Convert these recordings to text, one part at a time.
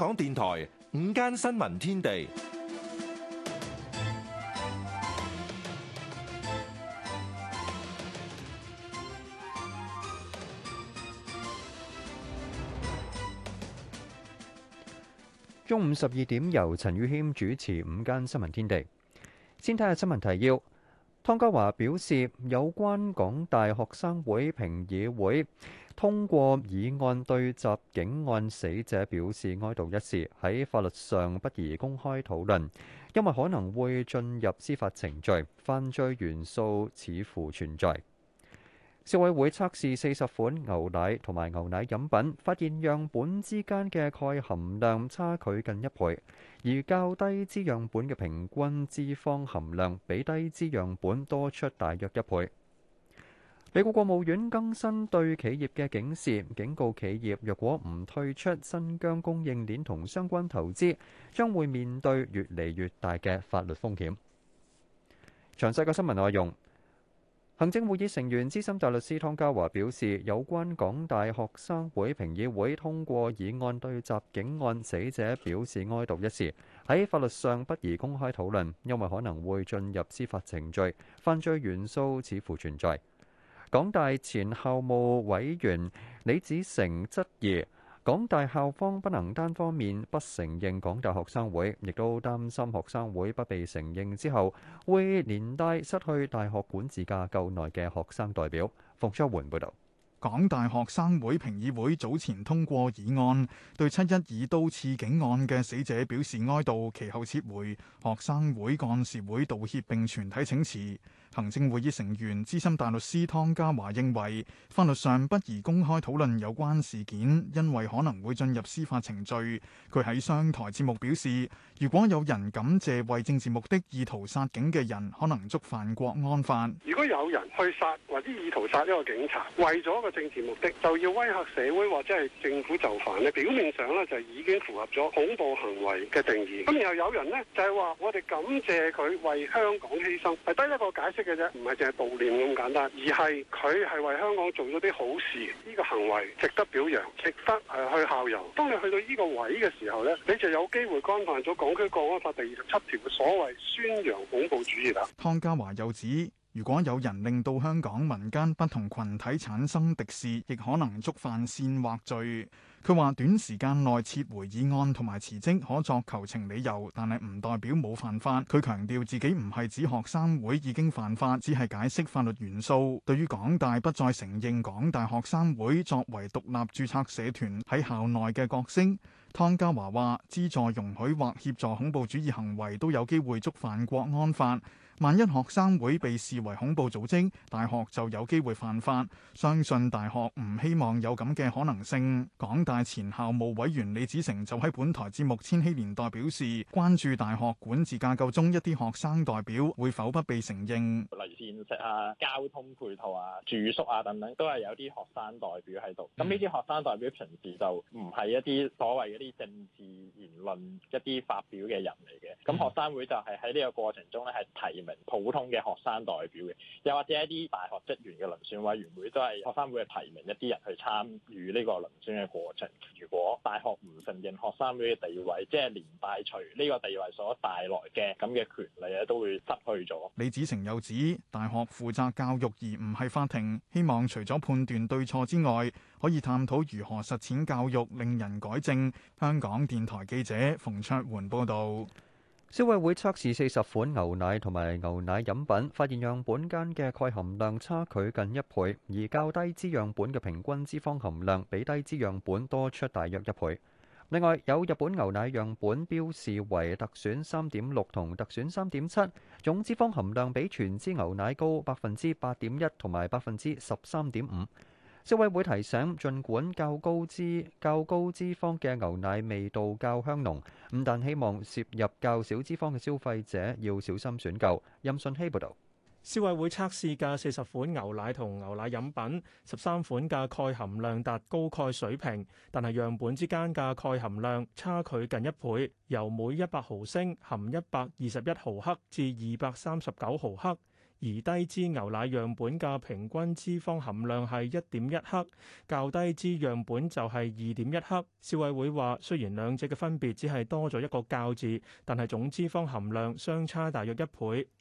港電台午間新聞天地，中午十二點由陳宇謙主持午間新聞天地。先睇下新聞提要，湯家華表示有關港大學生會評議會，通過議案對襲警案死者表示哀悼一事，喺法律上不宜公開討論，因為可能會進入司法程序，犯罪元素似乎存在。消委會測試四十款牛奶同埋牛奶飲品，發現樣本之間嘅鈣含量差距近一倍，而較低脂樣本嘅平均脂肪含量比低脂樣本多出大約一倍。美國國務院更新對企業嘅警示，警告企業若果唔退出新疆供應鏈同相關投資，將會面對越嚟越大嘅法律風險。詳細嘅新聞內容，行政會議成員資深大律師湯家驊表示，有關港大學生會評議會通過議案對襲警案死者表示哀悼一事，喺法律上不宜公開討論，因為可能會進入司法程序，犯罪元素似乎存在。港大前校務委員李子成質疑港大校方不能單方面不承認港大學生會，亦都擔心學生會不被承認之後，會連帶失去大學管治架構內嘅學生代表。馮出援報道，港大學生會評議會早前通過議案，對七一以刀刺警案嘅死者表示哀悼，其後撤回學生會幹事會道歉並全體請辭。行政會議成員資深大律師湯家華認為，法律上不宜公開討論有關事件，因為可能會進入司法程序。佢喺商台節目表示，如果有人感謝為政治目的意圖殺警嘅人，可能觸犯國安法。如果有人去殺或者意圖殺一個警察，為咗個政治目的，就要威嚇社會或者係政府就範呢。表面上呢，就已經符合咗恐怖行為嘅定義。咁又有人呢，就係話，我哋感謝佢為香港犧牲，係得一個解釋。唔係淨係悼念咁簡單，而係佢係為香港做咗啲好事，呢個行為值得表揚，值得誒去效尤。當你去到呢個位嘅時候呢，你就有機會干犯咗港區國安法第二十七條嘅所謂宣揚恐怖主義啦。湯家驊又指，如果有人令到香港民間不同群體產生敵視，亦可能觸犯煽惑罪。佢話短時間內撤回議案同埋辭職可作求情理由，但係唔代表冇犯法。佢強調自己唔係指學生會已經犯法，只係解釋法律元素。對於港大不再承認港大學生會作為獨立註冊社團喺校內嘅角色，湯家驊話：資助容許或協助恐怖主義行為都有機會觸犯國安法。萬一學生會被視為恐怖組織，大學就有機會犯法。相信大學唔希望有咁嘅可能性。港大前校務委員李子成就喺本台節目《千禧年代》表示，關注大學管治架構中一啲學生代表會否不被承認。例如膳食啊、交通配套啊、住宿啊等等，都係有啲學生代表喺度。咁呢啲學生代表平時就唔係一啲所謂一啲政治言論一啲發表嘅人嚟嘅。咁、嗯、學生會就係喺呢個過程中咧，係提名，普通嘅學生代表嘅，又或者一啲大學職員嘅遴選委員會都係學生會係提名一啲人去參與呢個遴選嘅過程。如果大學唔承認學生會嘅地位，即係連帶除呢個地位所帶來嘅咁嘅權利咧，都會失去咗。李子成又指，大學負責教育而唔係法庭，希望除咗判斷對錯之外，可以探討如何實踐教育，令人改正。香港電台記者馮卓桓報導。消委會測試四十款牛奶同埋牛奶飲品，發現樣本間嘅鈣含量差距近一倍，而較低脂樣本嘅平均脂肪含量比低脂樣本多出大約一倍。另外，有日本牛奶樣本標示為特選三點六同特選三點七，總脂肪含量比全脂牛奶高百分之八點一同埋百分之十三點五。消委會提醒，儘管較高脂較高脂肪嘅牛奶味道較香濃，咁但希望攝入較少脂肪嘅消費者要小心選購。蔭信希報導。消委會測試嘅四十款牛奶同牛奶飲品，十三款嘅鈣含量達高鈣水平，但係樣本之間嘅鈣含量差距近一倍，由每一百毫升含一百二十一毫克至二百三十九毫克。而低脂牛奶樣本嘅平均脂肪含量係一點一克，較低脂樣本就係二點一克。消委會話，雖然兩者嘅分別只係多咗一個較字，但係總脂肪含量相差大約一倍。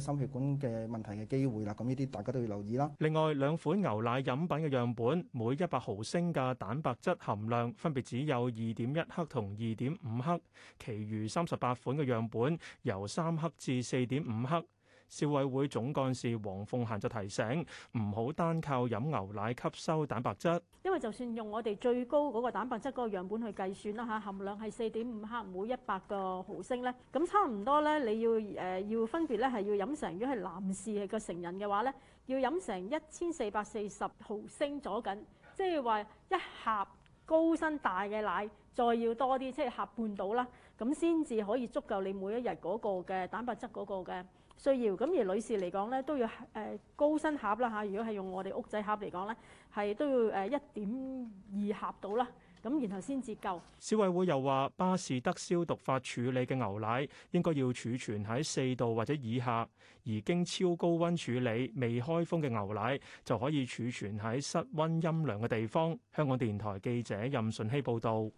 心血管嘅問題嘅機會啦，咁呢啲大家都要留意啦。另外，兩款牛奶飲品嘅樣本，每一百毫升嘅蛋白質含量分別只有二點一克同二點五克，其餘三十八款嘅樣本由三克至四點五克。消委會總幹事黃鳳嫻就提醒，唔好單靠飲牛奶吸收蛋白質。因為就算用我哋最高嗰個蛋白質嗰個樣本去計算啦，吓含量係四點五克每一百個毫升咧，咁差唔多咧。你要誒、呃、要分別咧，係要飲成，如果係男士嘅成人嘅話咧，要飲成一千四百四十毫升咗緊，即係話一盒高身大嘅奶，再要多啲，即、就、係、是、盒半到啦，咁先至可以足夠你每一日嗰個嘅蛋白質嗰個嘅。需要咁，而女士嚟講咧，都要誒、呃、高身盒啦嚇。如果係用我哋屋仔盒嚟講咧，係都要誒一點二盒到啦。咁然後先至夠。消委會又話，巴士德消毒法處理嘅牛奶應該要儲存喺四度或者以下，而經超高溫處理未開封嘅牛奶就可以儲存喺室温陰涼嘅地方。香港電台記者任順希報導。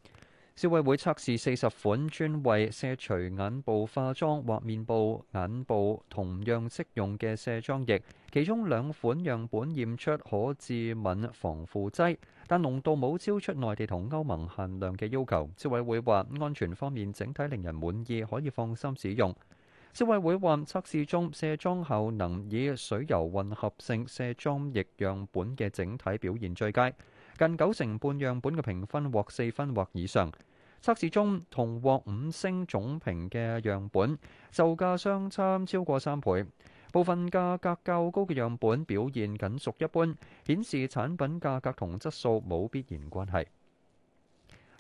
消委會測試四十款專為卸除眼部化妝或面部眼部同樣適用嘅卸妝液，其中兩款樣本驗出可致敏防腐劑，但濃度冇超出內地同歐盟限量嘅要求。消委會話，安全方面整體令人滿意，可以放心使用。消委會話，測試中卸妝後能以水油混合性卸妝液樣本嘅整體表現最佳。近九成半樣本嘅評分獲四分或以上。測試中同獲五星總評嘅樣本，售價相差超過三倍。部分價格較高嘅樣本表現僅屬一般，顯示產品價格同質素冇必然關係。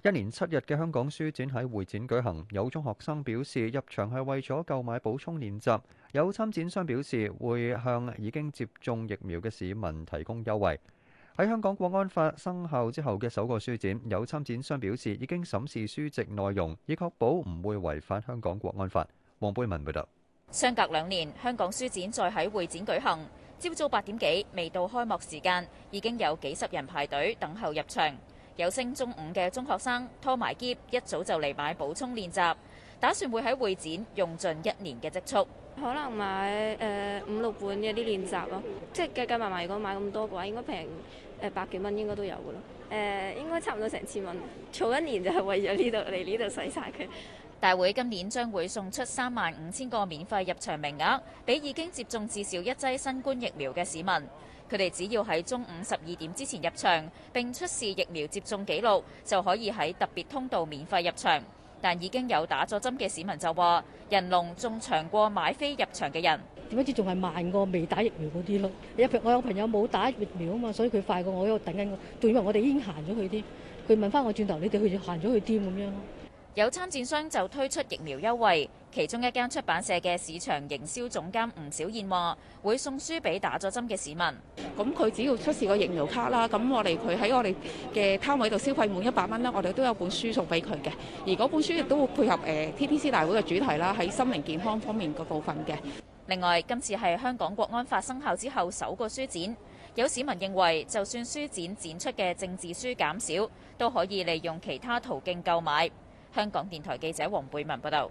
一連七日嘅香港書展喺會展舉行，有中學生表示入場係為咗購買補充練習。有參展商表示會向已經接種疫苗嘅市民提供優惠。喺香港國安法生效之後嘅首個書展，有參展商表示已經審視書籍內容，以確保唔會違反香港國安法。黃貝文報道。相隔兩年，香港書展再喺會展舉行。朝早八點幾，未到開幕時間，已經有幾十人排隊等候入場。有升中五嘅中學生拖埋喼，一早就嚟買補充練習，打算會喺會展用盡一年嘅積蓄。可能買誒五六本嘅啲練習咯，即係計計埋埋，如果買咁多嘅話，應該平誒百幾蚊應該都有嘅咯。誒應該差唔多成千蚊，坐一年就係為咗呢度嚟呢度使晒佢。大會今年將會送出三萬五千個免費入場名額，俾已經接種至少一劑新冠疫苗嘅市民。佢哋只要喺中午十二點之前入場，並出示疫苗接種記錄，就可以喺特別通道免費入場。但已經有打咗針嘅市民就話：人龍仲長過買飛入場嘅人，點解仲係慢過未打疫苗嗰啲咯？我有朋友冇打疫苗啊嘛，所以佢快過我喺度等緊我。仲以為我哋已經行咗佢添，佢問翻我轉頭，你哋去行咗去添。」咁樣。有參展商就推出疫苗優惠。其中一間出版社嘅市場營銷總監吳小燕話，會送書俾打咗針嘅市民。咁佢只要出示個疫苗卡啦，咁我哋佢喺我哋嘅攤位度消費滿一百蚊咧，我哋都有本書送俾佢嘅。而嗰本書亦都會配合誒 TBC 大會嘅主題啦，喺心靈健康方面個部分嘅。另外，今次係香港國安法生效之後首個書展，有市民認為就算書展展出嘅政治書減少，都可以利用其他途徑購買。香港電台記者黃貝文報道。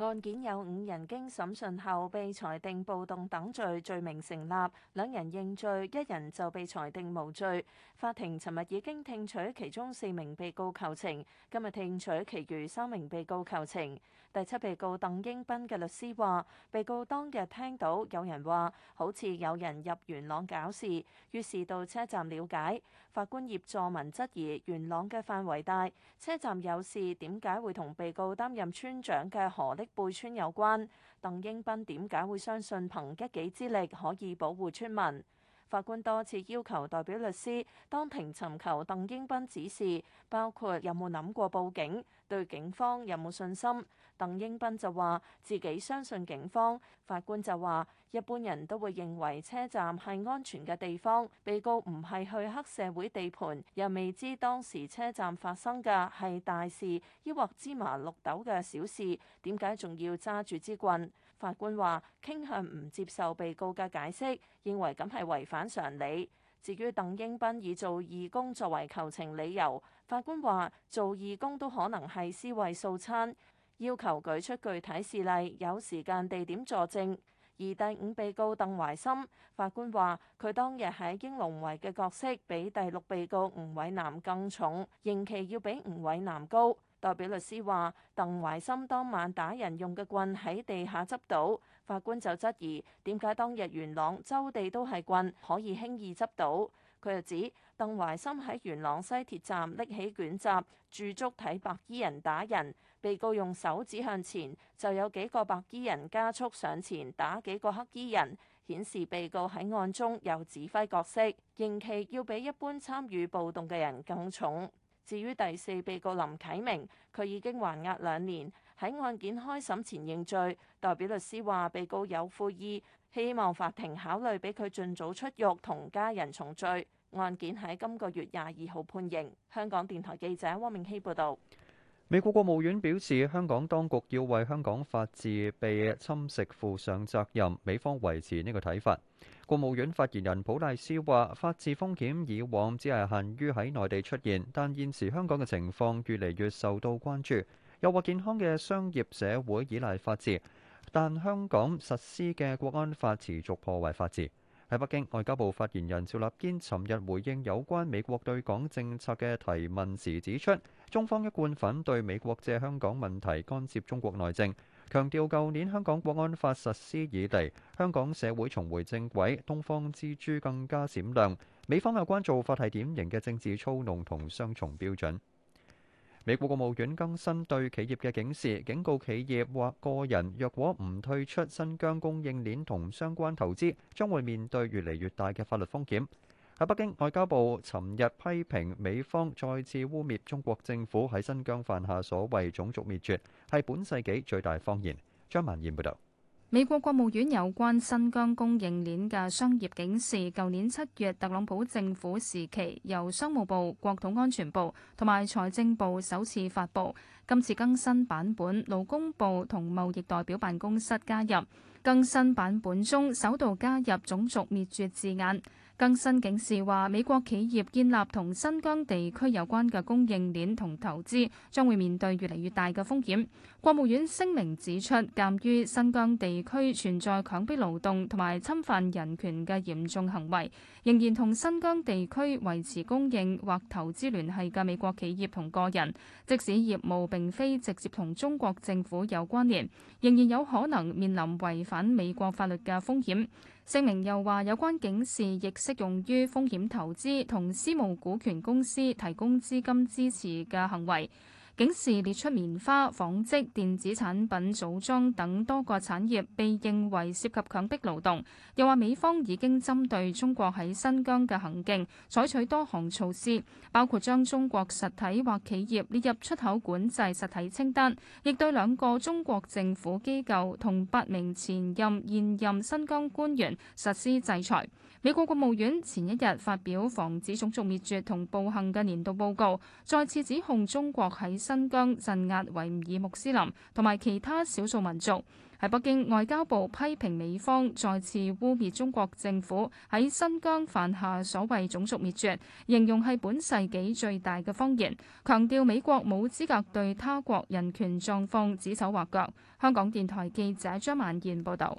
案件有五人經審訊後被裁定暴動等罪，罪名成立，兩人認罪，一人就被裁定無罪。法庭尋日已經聽取其中四名被告求情，今日聽取其餘三名被告求情。第七被告鄧英斌嘅律師話：被告當日聽到有人話好似有人入元朗搞事，於是到車站了解。法官葉佐文質疑元朗嘅範圍大，車站有事點解會同被告擔任村長嘅何力？背村有關，鄧英斌點解會相信憑一己之力可以保護村民？法官多次要求代表律師當庭尋求鄧英斌指示，包括有冇諗過報警，對警方有冇信心？鄧英斌就話自己相信警方。法官就話一般人都會認為車站係安全嘅地方，被告唔係去黑社會地盤，又未知當時車站發生嘅係大事，抑或芝麻綠豆嘅小事，點解仲要揸住支棍？法官話傾向唔接受被告嘅解釋，認為咁係違反常理。至於鄧英斌以做義工作為求情理由，法官話做義工都可能係尸位素餐，要求舉出具體事例，有時間地點作證。而第五被告鄧懷森，法官話佢當日喺英龍圍嘅角色比第六被告吳偉南更重，刑期要比吳偉南高。代表律師話，鄧懷森當晚打人用嘅棍喺地下執到，法官就質疑點解當日元朗周地都係棍可以輕易執到。佢又指鄧懷森喺元朗西鐵站拎起捲閘駐足睇白衣人打人，被告用手指向前就有幾個白衣人加速上前打幾個黑衣人，顯示被告喺案中有指揮角色，刑期要比一般參與暴動嘅人更重。至於第四被告林啟明，佢已經還押兩年，喺案件開審前認罪。代表律師話，被告有悔意，希望法庭考慮俾佢盡早出獄同家人重聚。案件喺今個月廿二號判刑。香港電台記者汪明熙報道。美國國務院表示，香港當局要為香港法治被侵蝕負上責任，美方維持呢個睇法。國務院發言人普賴斯話，法治風險以往只係限於喺內地出現，但現時香港嘅情況越嚟越受到關注，又話健康嘅商業社會依賴法治，但香港實施嘅國安法持續破壞法治。喺北京，外交部發言人趙立堅尋日回應有關美國對港政策嘅提問時指出，中方一貫反對美國借香港問題干涉中國內政，強調舊年香港《國安法》實施以嚟，香港社會重回正軌，東方之珠更加閃亮。美方有關做法係典型嘅政治操弄同雙重標準。美國國務院更新對企業嘅警示，警告企業或個人若果唔退出新疆供應鏈同相關投資，將會面對越嚟越大嘅法律風險。喺北京，外交部尋日批評美方再次污蔑中國政府喺新疆犯下所謂種族滅絕，係本世紀最大謊言。張曼燕報道。美國國務院有關新疆供應鏈嘅商業警示，舊年七月特朗普政府時期由商務部、國土安全部同埋財政部首次發布。今次更新版本，勞工部同貿易代表辦公室加入。更新版本中首度加入種族滅絕字眼。更新警示話，美國企業建立同新疆地區有關嘅供應鏈同投資，將會面對越嚟越大嘅風險。國務院聲明指出，鑑於新疆地區存在強迫勞動同埋侵犯人權嘅嚴重行為，仍然同新疆地區維持供應或投資聯繫嘅美國企業同個人，即使業務並非直接同中國政府有關聯，仍然有可能面臨違反美國法律嘅風險。聲明又話：有關警示亦適用於風險投資同私募股權公司提供資金支持嘅行為。警示列出棉花、紡織、電子產品組裝等多個產業被認為涉及強迫勞動，又話美方已經針對中國喺新疆嘅行徑採取多項措施，包括將中國實體或企業列入出口管制實體清單，亦對兩個中國政府機構同八名前任現任新疆官員實施制裁。美國國務院前一日發表防止種族滅絕同暴行嘅年度報告，再次指控中國喺新疆鎮壓維吾爾穆斯林同埋其他少數民族。喺北京，外交部批評美方再次污蔑中國政府喺新疆犯下所謂種族滅絕，形容係本世紀最大嘅謊言，強調美國冇資格對他國人權狀況指手畫腳。香港電台記者張萬燕報道。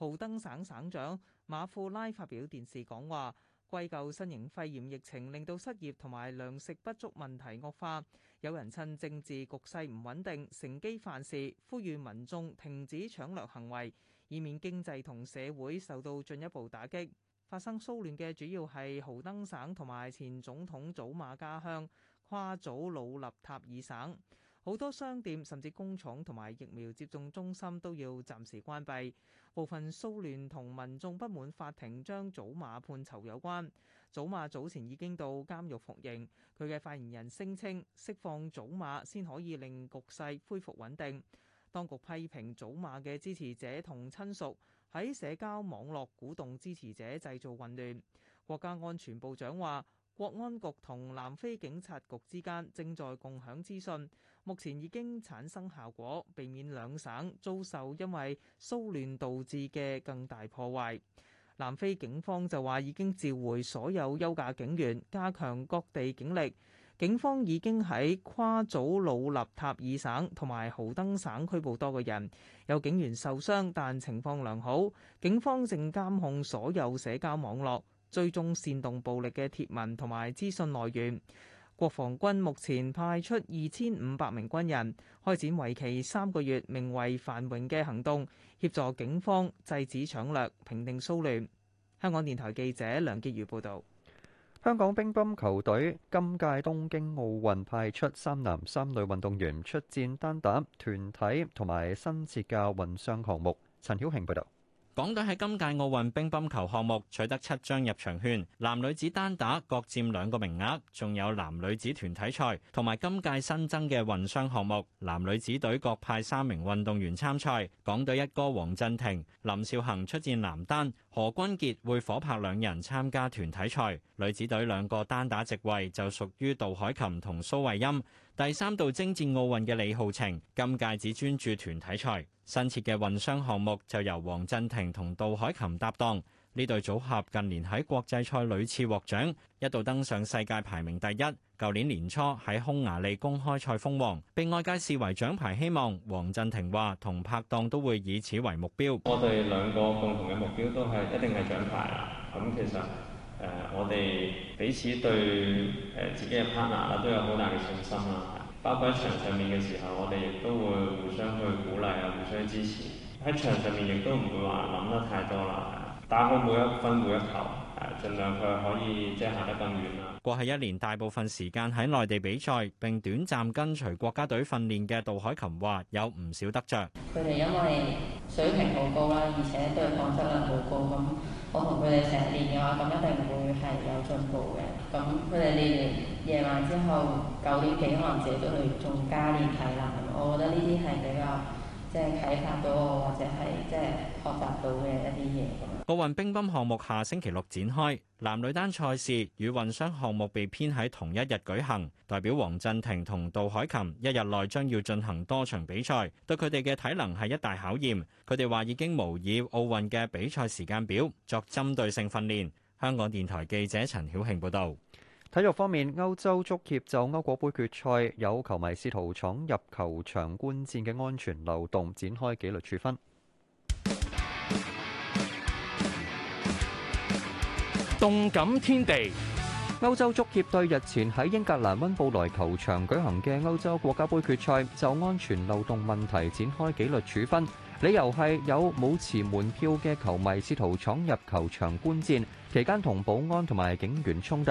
豪登省省長馬庫拉發表電視講話，歸咎新型肺炎疫情令到失業同埋糧食不足問題惡化，有人趁政治局勢唔穩定乘機犯事，呼籲民眾停止搶掠行為，以免經濟同社會受到進一步打擊。發生騷亂嘅主要係豪登省同埋前總統祖馬家鄉夸祖魯立塔爾省。好多商店甚至工廠同埋疫苗接種中心都要暫時關閉。部分騷亂同民眾不滿法庭將祖馬判囚有關。祖馬早前已經到監獄服刑，佢嘅發言人聲稱釋放祖馬先可以令局勢恢復穩定。當局批評祖馬嘅支持者同親屬喺社交網絡鼓動支持者製造混亂。國家安全部長話：國安局同南非警察局之間正在共享資訊，目前已經產生效果，避免兩省遭受因為騷亂導致嘅更大破壞。南非警方就話已經召回所有休假警員，加強各地警力。警方已經喺夸祖魯納塔爾省同埋豪登省拘捕多個人，有警員受傷，但情況良好。警方正監控所有社交網絡。追蹤煽動暴力嘅貼文同埋資訊來源。國防軍目前派出二千五百名軍人，開展為期三個月，名為繁榮嘅行動，協助警方制止搶掠、平定騷亂。香港電台記者梁潔如報導。香港乒乓球隊今屆東京奧運派出三男三女運動員出戰單打、團體同埋新設嘅混雙項目。陳曉慶報導。港隊喺今屆奧運乒乓球項目取得七張入場券，男女子單打各佔兩個名額，仲有男女子團體賽，同埋今屆新增嘅混雙項目，男女子隊各派三名運動員參賽。港隊一哥黃振廷、林兆恒出戰男單，何君傑會夥拍兩人參加團體賽。女子隊兩個單打席位就屬於杜海琴同蘇慧音。第三度征戰奧運嘅李浩晴，今屆只專注團體賽。新設嘅混雙項目就由黃振廷同杜海琴搭檔。呢對組合近年喺國際賽屢次獲獎，一度登上世界排名第一。舊年年初喺匈牙利公開賽封王，被外界視為獎牌希望。黃振廷話，同拍檔都會以此為目標。我哋兩個共同嘅目標都係一定係獎牌啦，咁其實。誒、呃，我哋彼此對誒、呃、自己嘅 partner 啊，都有好大嘅信心啦。包括喺場上面嘅時候，我哋亦都會互相去鼓勵啊，互相支持。喺場上面亦都唔會話諗得太多啦，打好每一分每一球。儘量佢可以即係行得更遠啦。過去一年大部分時間喺內地比賽，並短暫跟隨國家隊訓練嘅杜海琴話：有唔少得著。佢哋因為水平好高啦，而且對抗質量好高咁，我同佢哋成日練嘅話，咁一定會係有進步嘅。咁佢哋練完夜晚之後九點幾可能自己都去仲加練體能，我覺得呢啲係比較。即係睇下到，或者係即係學習到嘅一啲嘢。奧運乒乓項目下星期六展開，男女單賽事與混雙項目被編喺同一日舉行，代表黃鎮廷同杜海琴一日內將要進行多場比賽，對佢哋嘅體能係一大考驗。佢哋話已經模擬奧運嘅比賽時間表作針對性訓練。香港電台記者陳曉慶報道。體育方面，歐洲足協就歐國盃決賽有球迷試圖闖入球場觀戰嘅安全漏洞展開紀律處分。動感天地，歐洲足協對日前喺英格蘭溫布萊球場舉行嘅歐洲國家盃決賽，就安全漏洞問題展開紀律處分，理由係有冇持門票嘅球迷試圖闖入球場觀戰，期間同保安同埋警員衝突，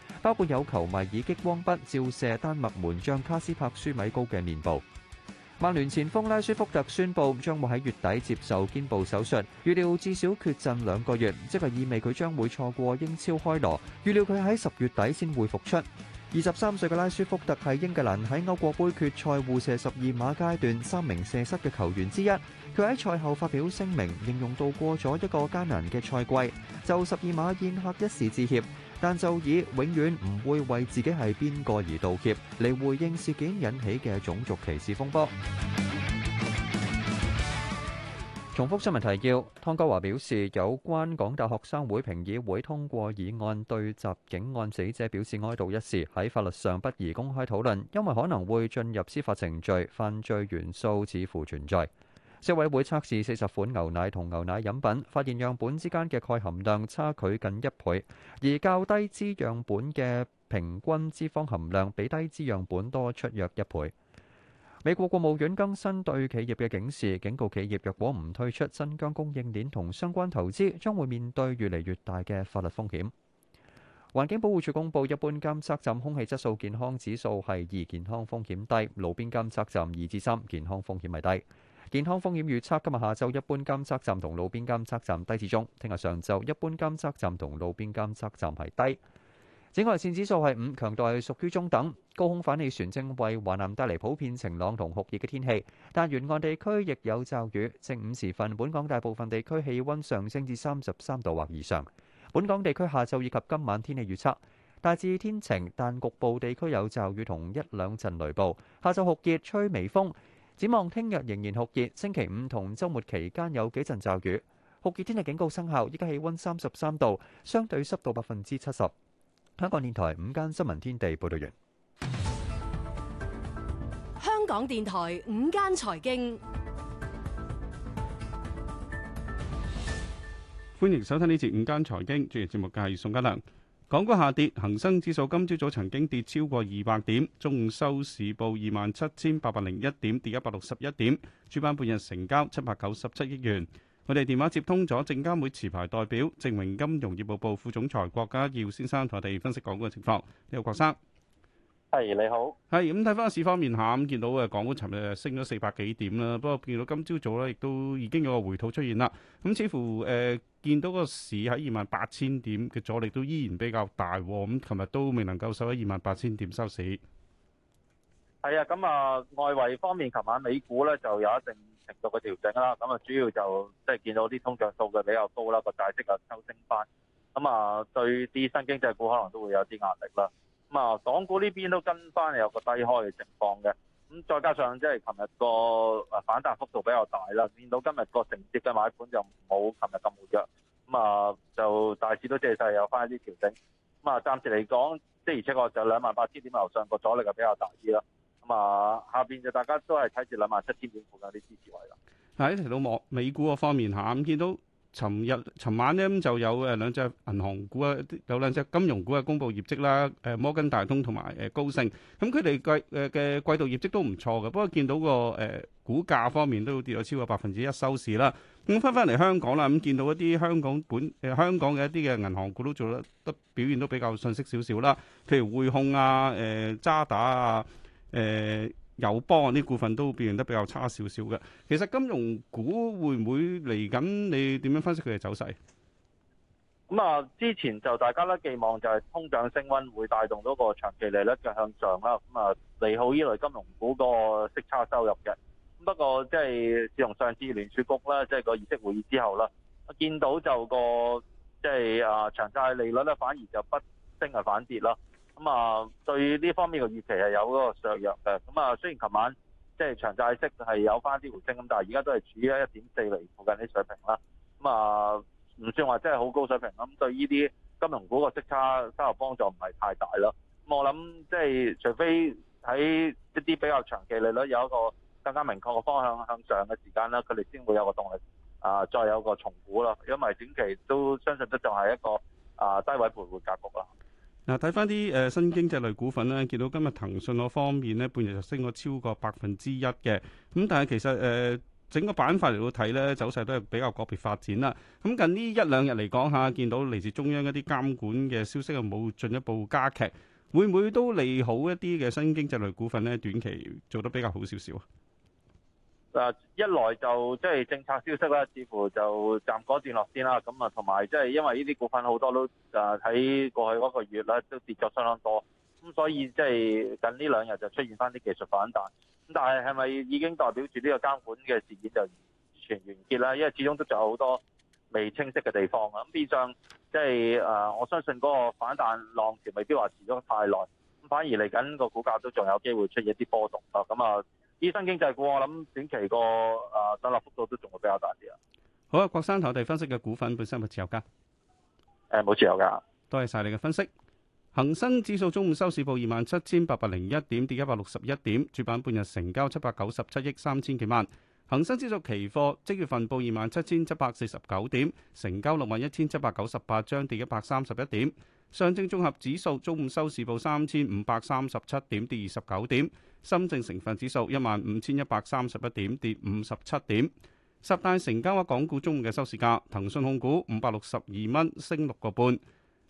包括有球迷以激光筆照射丹麥門將卡斯帕舒米高嘅面部。曼聯前鋒拉舒福特宣布將會喺月底接受肩部手術，預料至少缺陣兩個月，即係意味佢將會錯過英超開鑼，預料佢喺十月底先會復出。二十三歲嘅拉舒福特係英格蘭喺歐國杯決賽互射十二碼階段三名射失嘅球員之一。佢喺賽後發表聲明，形容度過咗一個艱難嘅賽季，就十二碼宴客一時致歉。但就以永遠唔會為自己係邊個而道歉嚟回應事件引起嘅種族歧視風波。重複新聞提要，湯家驊表示，有關港大學生會評議會通過議案對襲警案死者表示哀悼一事，喺法律上不宜公開討論，因為可能會進入司法程序，犯罪元素似乎存在。消委會測試四十款牛奶同牛奶飲品，發現樣本之間嘅鈣含量差距近一倍，而較低脂樣本嘅平均脂肪含量比低脂樣本多出約一倍。美國國務院更新對企業嘅警示，警告企業若果唔退出新疆供應鏈同相關投資，將會面對越嚟越大嘅法律風險。環境保護署公布一般監測站空氣質素健康指數係二，健康風險低；路邊監測站二至三，健康風險係低。健康風險預測，今日下晝一般監測站同路邊監測站低至中；聽日上晝一般監測站同路邊監測站係低。紫外線指數係五，強度係屬於中等。高空反氣旋正為華南帶嚟普遍晴朗同酷熱嘅天氣，但沿岸地區亦有驟雨。正午時分，本港大部分地區氣温上升至三十三度或以上。本港地區下晝以及今晚天氣預測：大致天晴，但局部地區有驟雨同一兩陣雷暴。下晝酷熱，吹微風。展望聽日仍然酷熱，星期五同週末期間有幾陣驟雨。酷熱天氣警告生效，依家氣温三十三度，相對濕度百分之七十。香港電台午間新聞天地報導完。香港電台午間財經，歡迎收聽呢節午間財經，主持節目嘅係宋嘉良。港股下跌，恒生指數今朝早曾經跌超過二百點，中午收市報二萬七千八百零一點，跌一百六十一點。主板半日成交七百九十七億元。我哋電話接通咗證監會持牌代表、正榮金融業務部副總裁郭家耀先生，同我哋分析港股嘅情況。呢個郭生。係你好，係咁睇翻市方面吓，咁見到誒港股尋日升咗四百幾點啦，不過見到今朝早咧，亦都已經有個回吐出現啦。咁似乎誒、呃、見到個市喺二萬八千點嘅阻力都依然比較大，咁琴日都未能夠收喺二萬八千點收市。係啊，咁、嗯、啊外圍方面，琴晚美股咧就有一定程度嘅調整啦。咁、嗯、啊，主要就即係見到啲通脹數據比較高啦，個債息又升翻，咁、嗯、啊、嗯嗯、對啲新經濟股可能都會有啲壓力啦。咁啊，港股呢邊都跟翻有個低開嘅情況嘅，咁再加上即係琴日個反彈幅度比較大啦，見到今日個承接嘅買盤就冇琴日咁活躍，咁啊就大市都借勢有翻一啲調整，咁啊暫時嚟講，即而且我就兩萬八千點樓上個阻力就比較大啲啦，咁啊下邊就大家都係睇住兩萬七千點附近啲支持位啦。喺、哎、提到莫美股嗰方面嚇，咁見到。尋日、尋晚咧，咁就有誒兩隻銀行股啊，有兩隻金融股嘅公布業績啦。誒摩根大通同埋誒高盛，咁佢哋季誒嘅季度業績都唔錯嘅，不過見到個誒、呃、股價方面都跌咗超過百分之一收市啦。咁翻翻嚟香港啦，咁、嗯、見到一啲香港本誒、呃、香港嘅一啲嘅銀行股都做得得表現都比較遜色少少啦。譬如匯控啊、誒、呃、渣打啊、誒、呃。有幫啲股份都變得比較差少少嘅。其實金融股會唔會嚟緊？你點樣分析佢嘅走勢？咁啊，之前就大家都寄望就係通脹升溫會帶動到個長期利率嘅向上啦。咁啊，利好依類金融股個息差收入嘅。不過即係自從上次聯儲局啦，即、就、係、是、個議息會議之後啦，見到就個即係啊長債利率咧反而就不升啊反跌啦。咁啊、嗯，對呢方面嘅預期係有嗰個削弱嘅。咁、嗯、啊，雖然琴晚即係長債息係有翻啲回升，咁但係而家都係處於一點四厘附近啲水平啦。咁、嗯、啊，唔、嗯、算話真係好高水平。咁、嗯、對呢啲金融股個息差收入幫助唔係太大咯。咁、嗯、我諗即係除非喺一啲比較長期利率有一個更加明確嘅方向向上嘅時間啦，佢哋先會有個動力啊、呃，再有個重估啦。因為短期都相信得就係一個啊低位徘徊格局啦。嗱，睇翻啲誒新經濟類股份呢，見到今日騰訊嗰方面呢，半日就升咗超過百分之一嘅。咁但係其實誒整個板塊嚟到睇呢，走勢都係比較個別發展啦。咁近呢一兩日嚟講嚇，見到嚟自中央一啲監管嘅消息係冇進一步加劇，會唔會都利好一啲嘅新經濟類股份呢？短期做得比較好少少啊？啊！一來就即係、就是、政策消息啦，似乎就暫時段落先啦。咁啊，同埋即係因為呢啲股份好多都啊喺過去嗰個月咧都跌咗相當多，咁所以即係近呢兩日就出現翻啲技術反彈。咁但係係咪已經代表住呢個監管嘅事件就完全完結咧？因為始終都仲有好多未清晰嘅地方，咁以上即係誒，我相信嗰個反彈浪潮未必話持續太耐，咁反而嚟緊個股價都仲有機會出現一啲波動咯。咁啊。醫生經濟股，我諗短期個誒得利幅度都仲會比較大啲啊！好啊，郭生頭地分析嘅股份本身冇持有噶，誒冇、呃、持有噶。多謝晒你嘅分析。恒生指數中午收市報二萬七千八百零一點，跌一百六十一點，主板半日成交七百九十七億三千幾萬。恒生指數期貨即月份報二萬七千七百四十九點，成交六萬一千七百九十八張，跌一百三十一點。上證綜合指數中午收市報三千五百三十七點，跌二十九點。深證成分指數一萬五千一百三十一點，跌五十七點。十大成交額港股中午嘅收市價：騰訊控股五百六十二蚊，升六個半；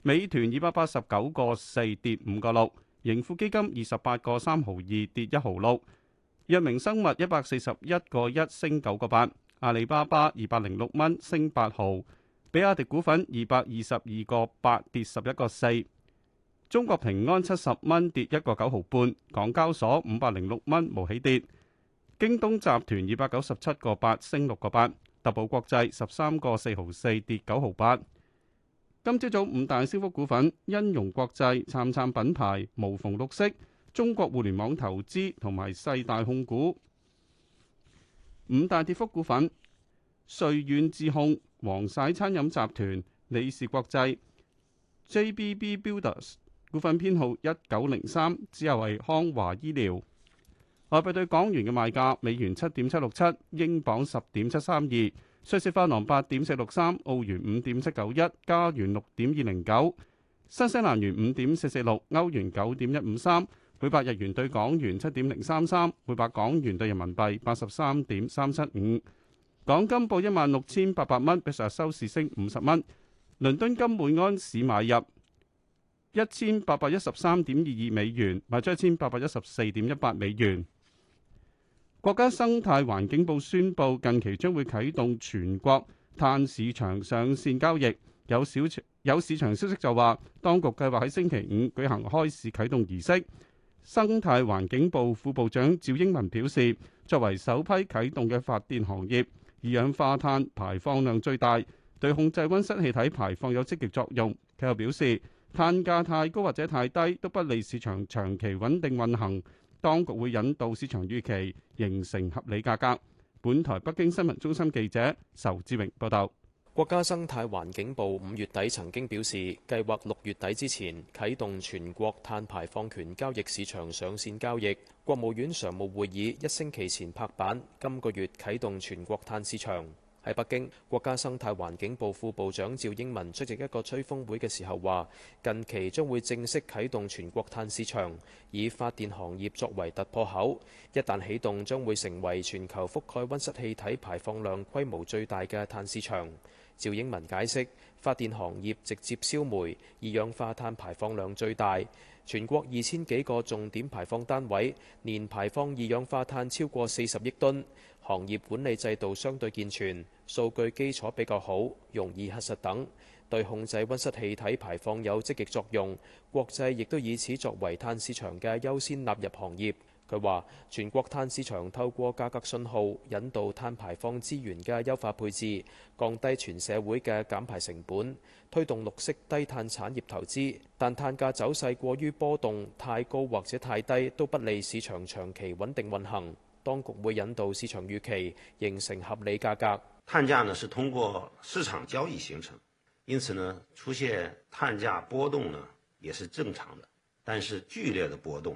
美團二百八十九個四，跌五個六；盈富基金二十八個三毫二，跌一毫六；藥明生物一百四十一個一，升九個八；阿里巴巴二百零六蚊，升八毫；比亞迪股份二百二十二個八，跌十一個四。中國平安七十蚊跌一個九毫半，港交所五百零六蚊無起跌，京東集團二百九十七個八升六個八，特步國際十三個四毫四跌九毫八。今朝早五大升幅股份：欣榮國際、杉杉品牌、無縫綠色、中國互聯網投資同埋世大控股。五大跌幅股份：瑞遠智控、黃曬餐飲集團、理士國際、JBB Builders。股份編號一九零三，之後係康華醫療。外幣對港元嘅賣價：美元七點七六七，英鎊十點七三二，瑞士法郎八點四六三，澳元五點七九一，加元六點二零九，新西蘭元五點四四六，歐元九點一五三。每百日元對港元七點零三三，每百港元對人民幣八十三點三七五。港金報一萬六千八百蚊，比上日收市升五十蚊。倫敦金每安士買入。一千八百一十三點二二美元，或者一千八百一十四點一八美元。國家生態環境部宣布，近期將會啟動全國碳市場上線交易。有小，有市場消息就話，當局計劃喺星期五舉行開市啟動儀式。生態環境部副部長趙英民表示，作為首批啟動嘅發電行業，二氧化碳排放量最大，對控制温室氣體排放有積極作用。佢又表示，碳價太高或者太低都不利市場長期穩定運行，當局會引導市場預期形成合理價格。本台北京新聞中心記者仇志榮報道。國家生態環境部五月底曾經表示，計劃六月底之前啟動全國碳排放權交易市場上線交易。國務院常務會議一星期前拍板，今個月啟動全國碳市場。喺北京，國家生態環境部副部長趙英民出席一個吹風會嘅時候話：近期將會正式啟動全國碳市場，以發電行業作為突破口。一旦啟動，將會成為全球覆蓋溫室氣體排放量規模最大嘅碳市場。趙英民解釋。發電行業直接燒煤，二氧化碳排放量最大。全國二千幾個重點排放單位，年排放二氧化碳超過四十億噸。行業管理制度相對健全，數據基礎比較好，容易核實等，對控制溫室氣體排放有積極作用。國際亦都以此作為碳市場嘅優先納入行業。佢話：全國碳市場透過價格信號引導碳排放資源嘅優化配置，降低全社會嘅減排成本，推動綠色低碳產業投資。但碳價走勢過於波動，太高或者太低都不利市場長期穩定運行。當局會引導市場預期，形成合理價格。碳價呢是通過市場交易形成，因此呢出現碳價波動呢也是正常的，但是劇烈的波動，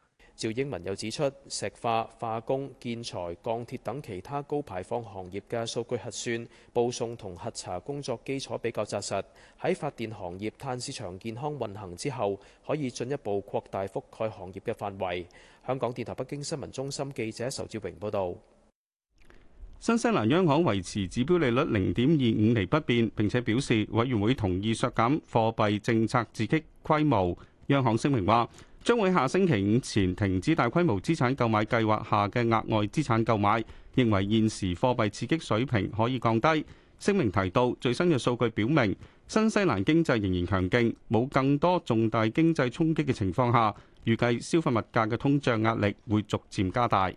趙英民又指出，石化、化工、建材、鋼鐵等其他高排放行業嘅數據核算、報送同核查工作基礎比較紮實，喺發電行業碳市場健康運行之後可以進一步擴大覆蓋行業嘅範圍，香港電台北京新聞中心記者仇志榮報道。新西蘭央行維持指標利率零點二五厘不變，並且表示委員會同意削減貨幣政策刺激規模。央行聲明話。將會下星期五前停止大規模資產購買計劃下嘅額外資產購買，認為現時貨幣刺激水平可以降低。聲明提到，最新嘅數據表明，新西蘭經濟仍然強勁，冇更多重大經濟衝擊嘅情況下，預計消費物價嘅通脹壓力會逐漸加大。